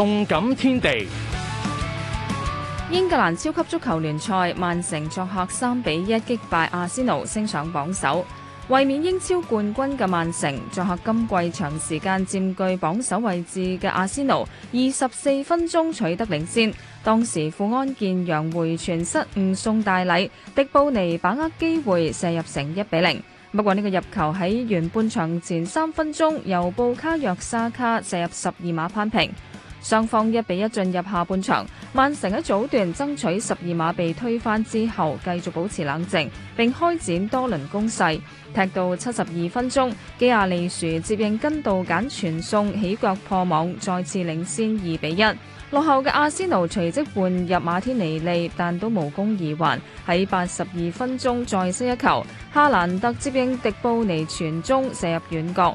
動感天地。英格蘭超級足球聯賽，曼城作客三比一擊敗阿仙奴，升上榜首。衛冕英超冠軍嘅曼城作客今季長時間佔據榜首位置嘅阿仙奴，二十四分鐘取得領先。當時富安健洋回傳失誤送大禮，迪布尼把握機會射入成一比零。不過呢個入球喺完半場前三分鐘由布卡約沙卡射入十二碼攀平。雙方一比一進入下半場，曼城喺早段爭取十二碼被推翻之後，繼續保持冷靜，並開展多輪攻勢。踢到七十二分鐘，基亞利殊接應根道簡傳送，起腳破網，再次領先二比一。落後嘅阿仙奴隨即換入馬天尼利，但都無功而還。喺八十二分鐘再失一球，哈蘭特接應迪布尼傳中，射入遠角。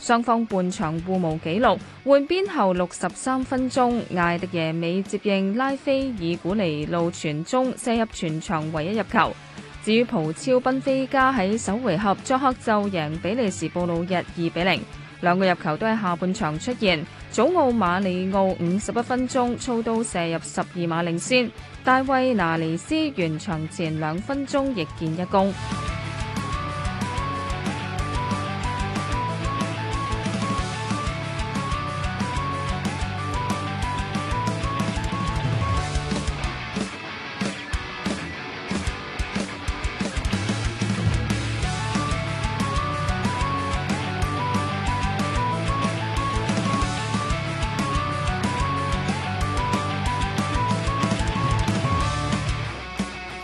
雙方半場互無紀錄，換邊後六十三分鐘，艾迪耶尾接應拉菲爾古尼路傳中，射入全場唯一入球。至於葡超賓菲加喺首回合作客就贏比利時布魯日二比零，兩個入球都係下半場出現。祖奧馬里奧五十一分鐘操刀射入十二碼領先，戴衛拿尼斯完場前兩分鐘亦建一功。